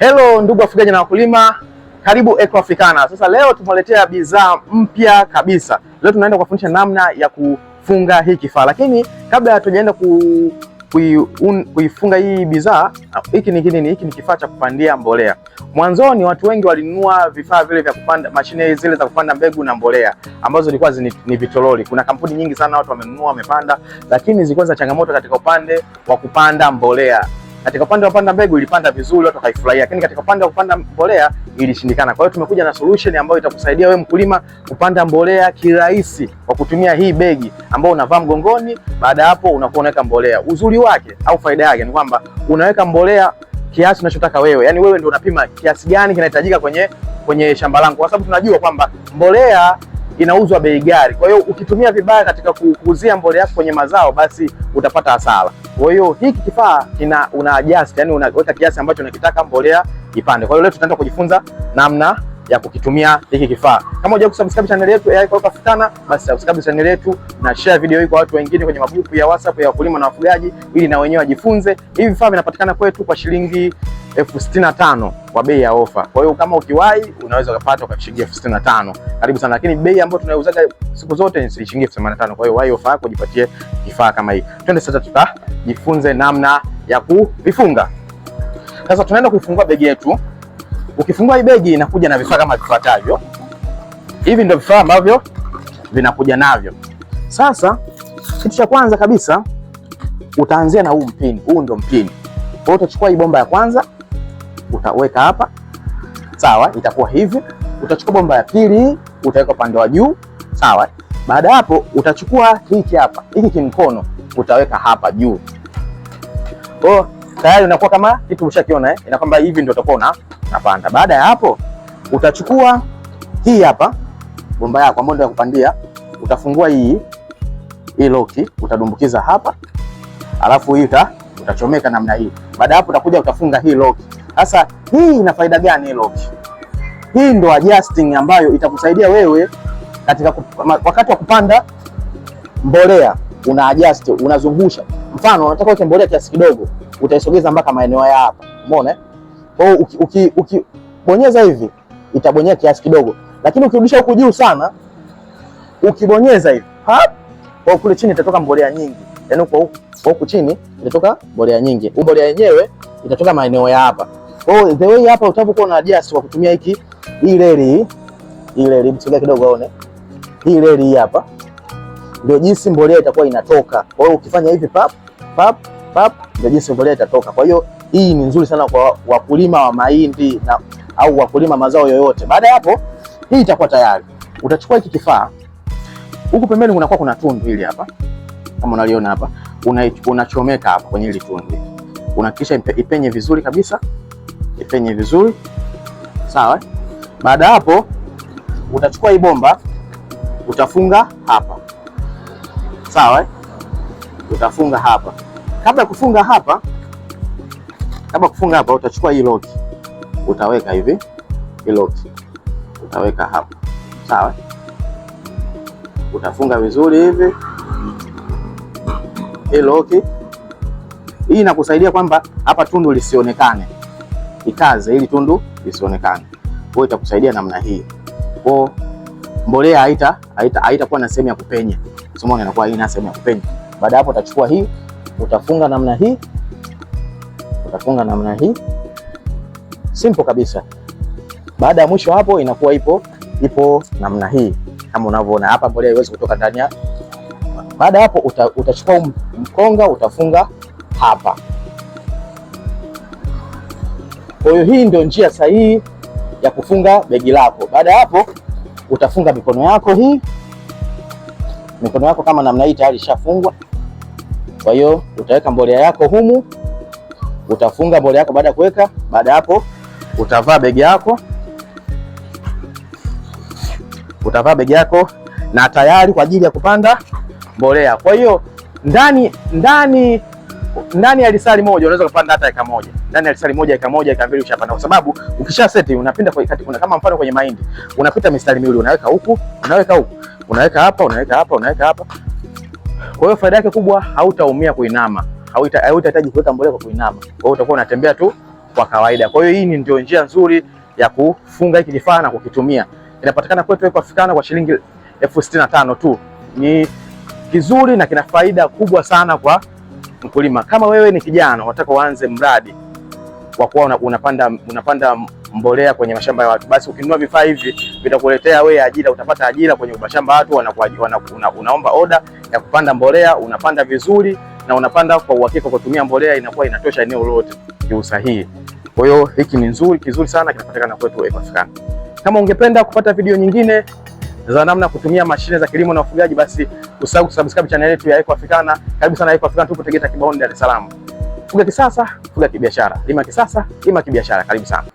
Hello ndugu wafugaji na wakulima, karibu Eco Africana. Sasa leo tumewaletea bidhaa mpya kabisa. Leo tunaenda kuwafundisha namna ya kufunga hii kifaa, lakini kabla hatujaenda ku kuifunga hii bidhaa, hiki ni nini? Hiki ni kifaa cha kupandia mbolea. Mwanzoni watu wengi walinunua vifaa vile vya kupanda, mashine zile za kupanda mbegu na mbolea ambazo zilikuwa ni vitoroli. Kuna kampuni nyingi sana watu wamenunua, wamepanda, lakini zilikuwa za changamoto katika upande wa kupanda mbolea. Katika upande wa kupanda mbegu ilipanda vizuri, watu wakaifurahia, lakini katika upande wa kupanda mbolea ilishindikana. Kwa hiyo tumekuja na solution ambayo itakusaidia wewe mkulima kupanda mbolea kirahisi kwa kutumia hii begi ambayo unavaa mgongoni. Baada ya hapo, unakuwa unaweka mbolea. Uzuri wake au faida yake ni kwamba unaweka mbolea kiasi unachotaka wewe, yaani wewe ndio unapima kiasi gani kinahitajika kwenye kwenye shamba langu, kwa sababu tunajua kwamba mbolea inauzwa bei ghali. Kwa hiyo ukitumia vibaya katika kuuzia mbolea yako kwenye mazao, basi utapata hasara. Kwa hiyo hiki kifaa kina una adjust, yani unaweka kiasi ambacho unakitaka mbolea ipande. Kwa hiyo leo tutaenda kujifunza namna ya kukitumia hiki kifaa. Kama hujaweza kusubscribe channel yetu ya Eko Africana, basi subscribe channel yetu na share video hii kwa watu wengine kwenye magrupu ya WhatsApp ya wakulima na wafugaji, ili na wenyewe wajifunze. Hivi vifaa vinapatikana kwetu kwa shilingi elfu sitini na tano kwa bei ya ofa. Kwa hiyo kama ukiwahi unaweza ukapata kwa shilingi elfu sitini na tano. Karibu sana, lakini bei ambayo tunauzaga siku zote ni shilingi elfu themanini na tano. Kwa hiyo wahi ofa yako jipatie kifaa kama hii. Twende sasa tukajifunze namna ya kuvifunga. Sasa tunaenda kufungua begi yetu. Ukifungua hii begi inakuja na vifaa kama vifuatavyo. Hivi ndio vifaa ambavyo vinakuja navyo. Sasa kitu cha kwanza kabisa utaanzia na huu mpini. Huu ndio mpini. Kwa hiyo utachukua hii bomba ya kwanza utaweka hapa, sawa, itakuwa hivi. Utachukua bomba ya pili utaweka upande wa juu, sawa. Baada hapo utachukua hiki hapa, hiki kimkono utaweka hapa juu. Kwa Oh, tayari unakuwa kama kitu ushakiona eh, ina kwamba hivi ndio utakuwa una napanda. Baada ya hapo utachukua hii hapa bomba yako ambayo ndio ya kupandia, utafungua hii hii loki utadumbukiza hapa, alafu hii uta utachomeka namna hii. Baada hapo utakuja utafunga hii loki. Sasa hii ina faida gani hilo? Hii ndo adjusting ambayo itakusaidia wewe katika wakati wa kupanda mbolea, una adjust, unazungusha. Mfano unataka uweke mbolea kiasi kidogo, utaisogeza mpaka maeneo haya hapa, umeona? Eh? Kwa hiyo ukibonyeza uki, uki, hivi itabonyea kiasi kidogo, lakini ukirudisha huku juu sana, ukibonyeza hivi kwa kule chini itatoka mbolea nyingi, yaani kwa huku chini itatoka mbolea nyingi. Mbolea yenyewe itatoka maeneo ya hapa. Oh, the way hapa utapokuwa na adjust kwa kutumia hiki hii reli hii reli, msogea kidogo aone. Hii reli hii hapa ndio jinsi mbolea itakuwa inatoka. Kwa hiyo ukifanya hivi pap pap pap, ndio jinsi mbolea itatoka. Kwa hiyo hii ni nzuri sana kwa wakulima wa mahindi na au wakulima mazao yoyote. Baada ya hapo, hii itakuwa tayari. Utachukua hiki kifaa, huku pembeni kunakuwa kuna tundu hili hapa, kama unaliona hapa, unachomeka una hapa kwenye hili tundu, unahakikisha ipenye vizuri kabisa ipenye vizuri sawa. Baada hapo utachukua hii bomba utafunga hapa sawa, utafunga hapa. Kabla ya kufunga hapa, kabla kufunga hapa, utachukua hii lock utaweka hivi, hii lock utaweka hapa sawa, utafunga vizuri hivi hii lock hii inakusaidia kwamba hapa tundu lisionekane ikaze ili tundu lisionekane. Kwa itakusaidia namna hii. Kwa mbolea haita haita haitakuwa na sehemu ya kupenya. Usimwone inakuwa haina sehemu ya kupenya. Baada hapo utachukua hii, utafunga namna hii. Utafunga namna hii. Simple kabisa. Baada ya mwisho hapo inakuwa ipo ipo namna hii kama unavyoona hapa, mbolea haiwezi kutoka ndani ya. Baada hapo uta, utachukua mkonga utafunga hapa kwa hiyo hii ndio njia sahihi ya kufunga begi lako. Baada ya hapo, utafunga mikono yako hii, mikono yako kama namna hii tayari ishafungwa. Kwa hiyo utaweka mbolea yako humu, utafunga mbolea yako. Baada ya kuweka, baada ya hapo utavaa begi yako, utavaa begi yako na tayari kwa ajili ya kupanda mbolea. Kwa hiyo ndani ndani ndani ya lisali moja unaweza kupanda hata eka moja ndani ya lisali moja eka moja eka mbili ushapanda, kwa sababu ukisha seti unapinda kwa kati. Kuna kama mfano kwenye mahindi unapita mistari miwili, unaweka huku, unaweka huku, unaweka hapa, unaweka hapa, unaweka hapa. Kwa hiyo faida yake kubwa, hautaumia kuinama, hautahitaji kuweka mbolea kwa kuinama. Kwa hiyo utakuwa unatembea tu kwa kawaida. Kwa hiyo hii ni ndio njia nzuri ya kufunga hiki kifaa na kukitumia. Inapatikana kwetu kwa Africana kwa shilingi elfu sitini na tano tu. Ni kizuri na kina faida kubwa sana kwa mkulima, kama wewe ni kijana unataka uanze mradi wa kuwa unapanda, unapanda mbolea kwenye mashamba ya watu, basi ukinunua vifaa hivi vitakuletea wewe ajira, utapata ajira kwenye mashamba watu, una, unaomba oda ya kupanda mbolea, unapanda vizuri na unapanda kwa uhakika, kwa kutumia mbolea inakuwa inatosha eneo lote kiusahihi. Kwa hiyo hiki ni nzuri kizuri sana kinapatikana kwetu Eco Kama ungependa kupata video nyingine za namna kutumia mashine za kilimo na ufugaji, basi usahau kusubscribe channel yetu ya Eco Africana. Karibu sana Eco Africana, tupo Tegeta Kibaoni, Dar es Salaam. Fuga kisasa, fuga kibiashara. Lima kisasa, lima kibiashara. Karibu sana.